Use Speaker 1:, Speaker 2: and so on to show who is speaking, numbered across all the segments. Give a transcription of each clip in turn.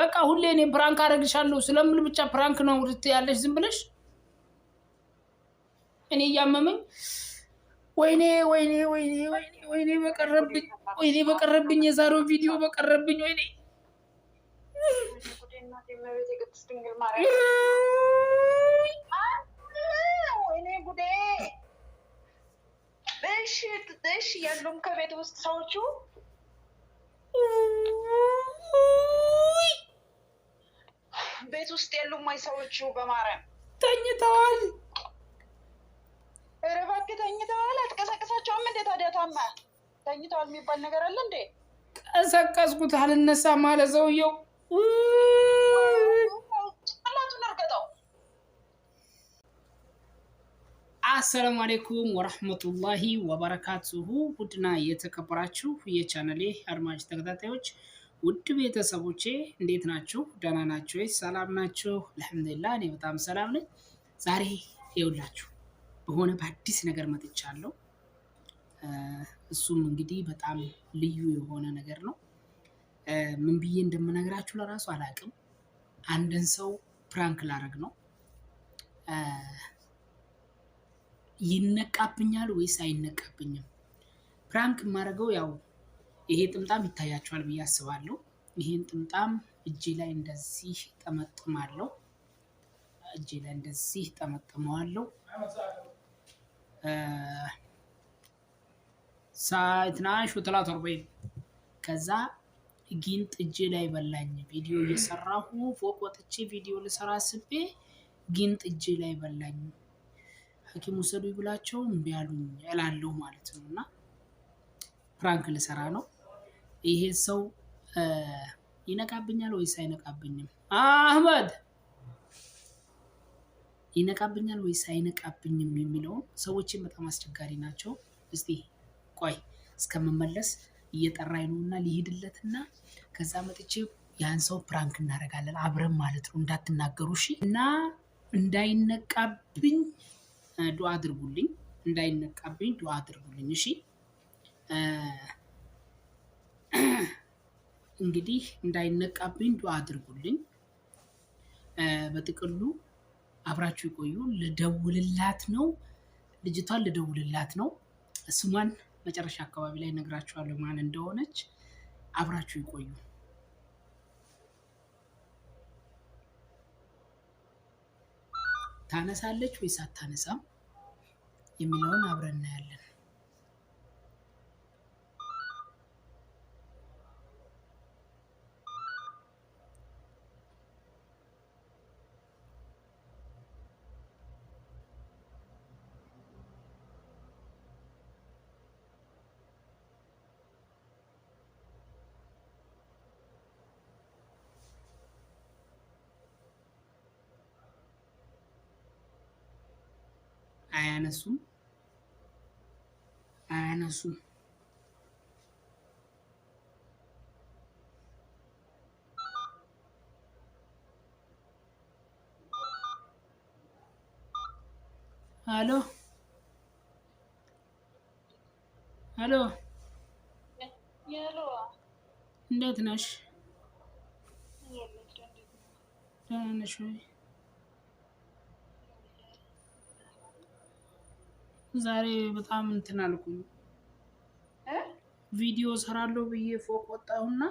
Speaker 1: በቃ ሁሌ እኔ ፕራንክ አደረግሻለሁ ስለምን ብቻ ፕራንክ ነው ውድት ያለሽ ዝም ብለሽ እኔ እያመመኝ ወይኔ ወይኔ ወይኔ ወይኔ በቀረብኝ ወይኔ በቀረብኝ የዛሬው ቪዲዮ በቀረብኝ ወይኔ ወይኔ እሺ ያሉም ከቤት ውስጥ ሰዎቹ ቤት ውስጥ የሉም ወይ ሰዎቹ? በማርያም ተኝተዋል። ኧረ እባክህ ተኝተዋል። አትቀሰቅሳቸውም እንዴ ታዲያ? ታማ ተኝተዋል የሚባል ነገር አለ እንዴ? ቀሰቀስኩት አልነሳ ማለ ሰውየው። ጭንቅላቱን እርገጠው። አሰላሙ አሌይኩም ወራህመቱላሂ ወበረካቱሁ። ውድና የተከበራችሁ የቻናሌ አድማጭ ተከታታዮች ውድ ቤተሰቦቼ እንዴት ናችሁ? ደህና ናችሁ ወይ? ሰላም ናችሁ? አልሐምዱሊላህ እኔ በጣም ሰላም ነኝ። ዛሬ ይኸውላችሁ በሆነ በአዲስ ነገር መጥቻለሁ። እሱም እንግዲህ በጣም ልዩ የሆነ ነገር ነው። ምን ብዬ እንደምነግራችሁ ለራሱ አላውቅም። አንድን ሰው ፕራንክ ላረግ ነው። ይነቃብኛል ወይስ አይነቃብኝም? ፕራንክ የማደርገው ያው ይሄ ጥምጣም ይታያቸዋል ብዬ አስባለሁ። ይሄን ጥምጣም እጄ ላይ እንደዚህ ጠመጥማለሁ። እጄ ላይ እንደዚህ ጠመጥመዋለሁ። ትናንሹ ትላት ወርበይ ከዛ ጊንጥ እጄ ላይ በላኝ። ቪዲዮ እየሰራሁ ፎቅ ወጥቼ ቪዲዮ ልሰራ ስቤ ጊንጥ እጄ ላይ በላኝ። ሐኪም ውሰዱ ብላቸው እምቢ አሉኝ እላለሁ ማለት ነው እና ፕራንክ ልሰራ ነው ይሄ ሰው ይነቃብኛል ወይስ አይነቃብኝም? አህመድ ይነቃብኛል ወይስ አይነቃብኝም የሚለውን ሰዎችን በጣም አስቸጋሪ ናቸው። እስቲ ቆይ እስከምመለስ እየጠራኝ ነው እና ሊሄድለትና ከዛ መጥቼ ያን ሰው ፕራንክ እናደርጋለን አብረን ማለት ነው። እንዳትናገሩ እሺ። እና እንዳይነቃብኝ ዱዓ አድርጉልኝ፣ እንዳይነቃብኝ ዱዓ አድርጉልኝ እሺ። እንግዲህ እንዳይነቃብኝ ዱአ አድርጉልኝ። በጥቅሉ አብራችሁ ይቆዩ። ልደውልላት ነው ልጅቷን ልደውልላት ነው። ስሟን መጨረሻ አካባቢ ላይ ነግራችኋለሁ ማን እንደሆነች። አብራችሁ ይቆዩ። ታነሳለች ወይስ አታነሳም የሚለውን አብረን እናያለን። አያነሱም አያነሱም አሎ አሎ እንዴት ነሽ? ደህና ነሽ ወይ? ዛሬ በጣም እንትን አልኩኝ። ቪዲዮ ሰራለሁ ብዬ ፎቅ ወጣሁና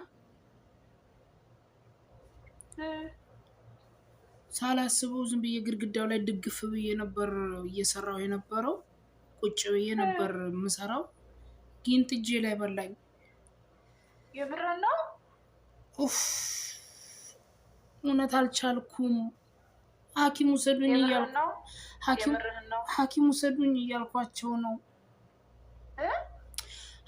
Speaker 1: ሳላስበው ዝም ብዬ ግድግዳው ላይ ድግፍ ብዬ ነበር እየሰራው የነበረው። ቁጭ ብዬ ነበር የምሰራው። ጊንጥ እጄ ላይ በላኝ። የብር ነው። እውነት አልቻልኩም። ሐኪም ውሰዱኝ እያልኩ ሐኪም ውሰዱኝ እያልኳቸው ነው።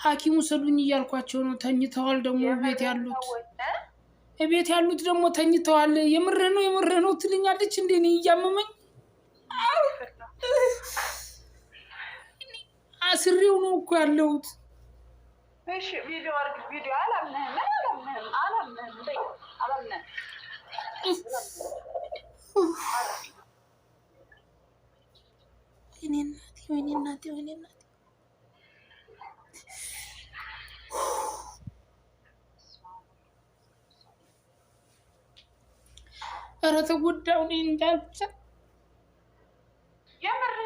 Speaker 1: ሐኪም ውሰዱኝ እያልኳቸው ነው። ተኝተዋል ደግሞ ቤት ያሉት ቤት ያሉት ደግሞ ተኝተዋል። የምር ነው የምር ነው ትልኛለች። እንደ እኔ እያመመኝ አስሬው ነው እኮ ያለሁት። ቪዲዮ ወይኔ እናቴ ወይኔ እናቴ ወይኔ እናቴ ኧረ ተጎዳሁ እኔ እንዳልኩት የምርን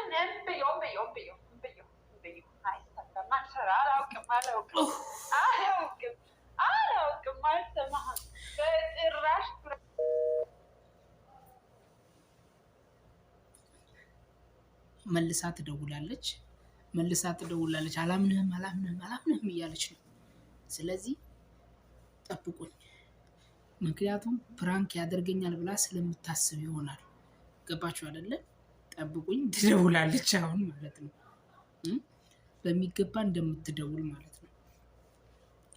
Speaker 1: መልሳ ትደውላለች። መልሳ ትደውላለች። አላምንህም አላምንህም አላምንህም እያለች ነው። ስለዚህ ጠብቁኝ፣ ምክንያቱም ፕራንክ ያደርገኛል ብላ ስለምታስብ ይሆናል። ገባችሁ አይደለ? ጠብቁኝ ትደውላለች አሁን ማለት ነው። በሚገባ እንደምትደውል ማለት ነው።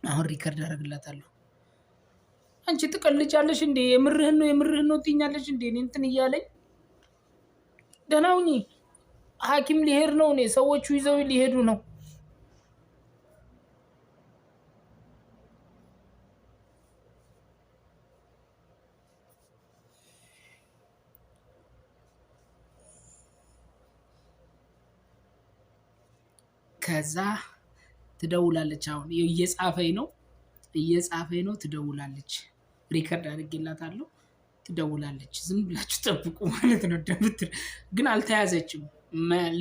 Speaker 1: አሁን ሪከርድ አደርግላታለሁ። አንቺ ትቀልጫለሽ እንዴ? የምርህን ነው የምርህን ነው ትኛለሽ እንዴ? እኔ እንትን እያለኝ ደህና ሁኚ ሐኪም ሊሄድ ነው። እኔ ሰዎቹ ይዘው ሊሄዱ ነው። ከዛ ትደውላለች። አሁን እየጻፈኝ ነው እየጻፈኝ ነው። ትደውላለች። ሪከርድ አድርጌላታለሁ። ትደውላለች። ዝም ብላችሁ ጠብቁ ማለት ነው። ግን አልተያዘችም።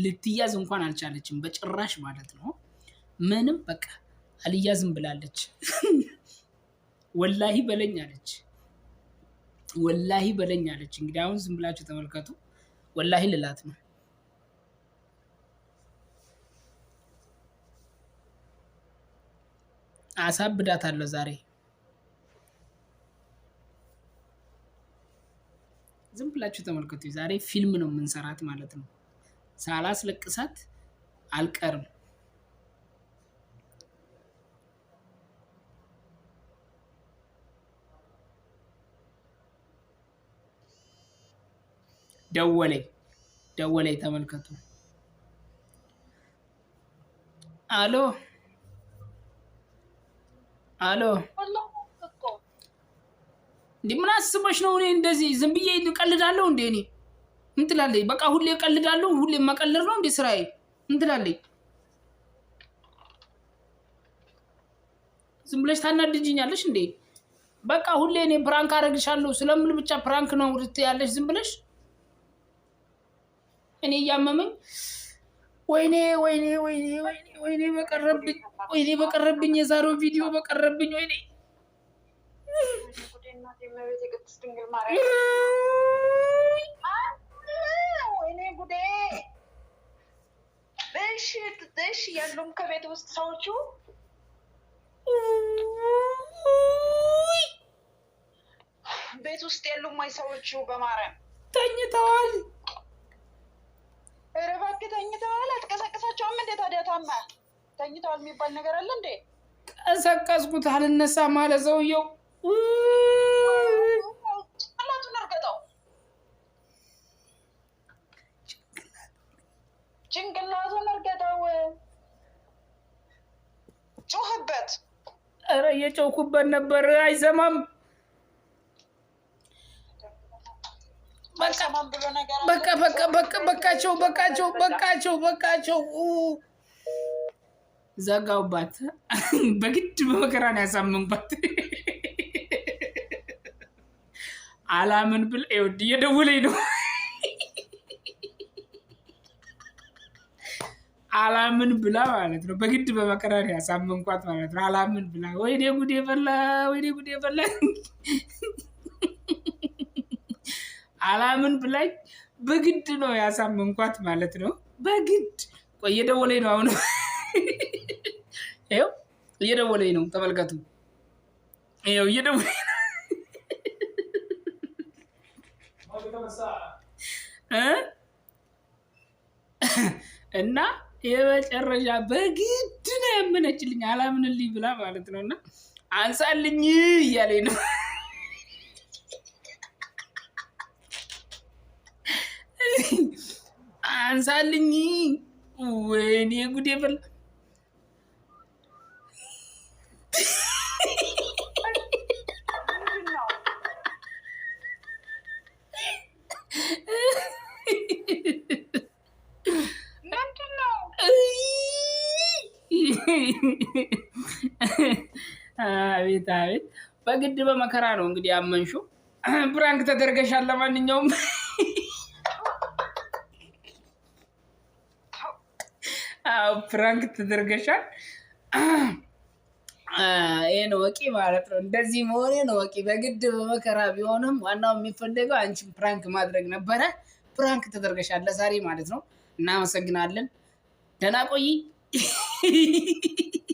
Speaker 1: ልትያዝ እንኳን አልቻለችም፣ በጭራሽ ማለት ነው። ምንም በቃ አልያዝም ብላለች። ወላሂ በለኝ አለች፣ ወላሂ በለኝ አለች። እንግዲህ አሁን ዝም ብላችሁ ተመልከቱ። ወላሂ ልላት ነው አለው ዛሬ ዝም ብላችሁ ተመልከቱ። ዛሬ ፊልም ነው የምንሰራት ማለት ነው። ሳላስለቅሳት አልቀርም። ደወለኝ ደወለኝ። ተመልከቱ። አሎ አሎ፣ እንዲህ ምን አስበሽ ነው? እኔ እንደዚህ ዝም ብዬ ቀልዳለሁ እንዴ እኔ እንትላለኝ በቃ ሁሌ ቀልዳለሁ። ሁሌ መቀለድ ነው እንዴ ስራዬ? እንትላለኝ ዝም ብለሽ ታናድጅኛለሽ እንዴ? በቃ ሁሌ እኔ ፕራንክ አረግሻለሁ ስለምን ብቻ ፕራንክ ነው ርት ያለሽ? ዝም ብለሽ እኔ እያመመኝ ወይኔ ወይኔ ወይኔ ወይኔ ወይኔ በቀረብኝ፣ ወይኔ በቀረብኝ፣ የዛሬው ቪዲዮ በቀረብኝ፣ ወይኔ ወይኔ ጉዴ! እሺ እሺ፣ የሉም ከቤት ውስጥ ሰዎቹ ቤት ውስጥ የሉም ወይ ሰዎቹ? በማርያም ተኝተዋል። ኧረ እባክህ ተኝተዋል። አትቀሰቅሳቸውም እንዴ ታዲያ? ታማ ተኝተዋል የሚባል ነገር አለ እንዴ? ቀሰቀስኩት አልነሳ ማለት ሰውየው ጩህበት። ኧረ እየጮኩበት ነበር አይዘማም በቃ በቃ በቃ በቃቸው በቃቸው በቃቸው በቃቸው። ዘጋውባት። በግድ በመከራ ነው ያሳመንባት። አላምን ብል እየደውለኝ ነው አላምን ብላ ማለት ነው። በግድ በመከራ ያሳመንኳት ማለት ነው። አላምን ብላ ወይኔ ጉዴ ፈላ፣ ወይኔ ጉዴ ፈላ። አላምን ብላኝ በግድ ነው ያሳመንኳት ማለት ነው። በግድ ቆይ፣ እየደወለኝ ነው አሁን፣ ይኸው እየደወለኝ ነው። ተመልከቱ፣ ይኸው እየደወለኝ ነው። እና የመጨረሻ በግድ ነው ያመነችልኝ፣ አላምንልኝ ብላ ማለት ነው። እና አንሳልኝ እያለኝ ነው አንሳልኝ። ወይኔ ጉዴ በላ አቤት አቤት፣ በግድ በመከራ ነው እንግዲህ አመንሹ። ብራንክ ተደርገሻል። ለማንኛውም ፕራንክ ተደርገሻል። ነው ወቂ ማለት ነው። እንደዚህ ነው ወቂ። በግድ በመከራ ቢሆንም ዋናው የሚፈለገው አንቺን ፕራንክ ማድረግ ነበረ። ፕራንክ ተደርገሻል ለዛሬ ማለት ነው። እናመሰግናለን። ደህና ቆይ።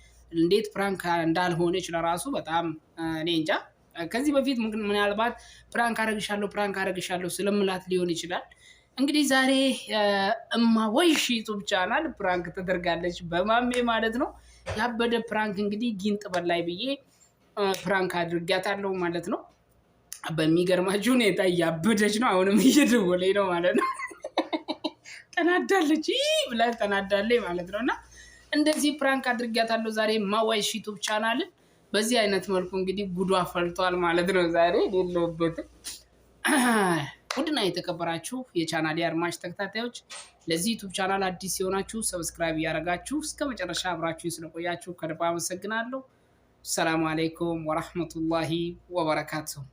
Speaker 1: እንዴት ፕራንክ እንዳልሆነች ለራሱ በጣም እኔ እንጃ። ከዚህ በፊት ምናልባት ፕራንክ አረግሻለሁ ፕራንክ አረግሻለሁ ስለምላት ሊሆን ይችላል። እንግዲህ ዛሬ እማወይሽ ዩቱብ ቻናል ፕራንክ ተደርጋለች በማሜ ማለት ነው። ያበደ ፕራንክ እንግዲህ ጊንጥ በላይ ብዬ ፕራንክ አድርጊያታለሁ ማለት ነው። በሚገርማችሁ ሁኔታ እያበደች ነው። አሁንም እየደወለኝ ነው ማለት ነው። ተናዳለች ብላ ተናዳለች ማለት ነው እና እንደዚህ ፕራንክ አድርጊያታለሁ ዛሬ ማዋይሽ ዩቱብ ቻናልን። በዚህ አይነት መልኩ እንግዲህ ጉዷ ፈልቷል ማለት ነው። ዛሬ የለሁበትም። ቡድና የተከበራችሁ የቻናል የአድማጭ ተከታታዮች ለዚህ ዩቱብ ቻናል አዲስ የሆናችሁ ሰብስክራይብ እያደረጋችሁ እስከ መጨረሻ አብራችሁን ስለቆያችሁ ከልብ አመሰግናለሁ። ሰላም አሌይኩም ወራህመቱላሂ ወበረካቱሁ።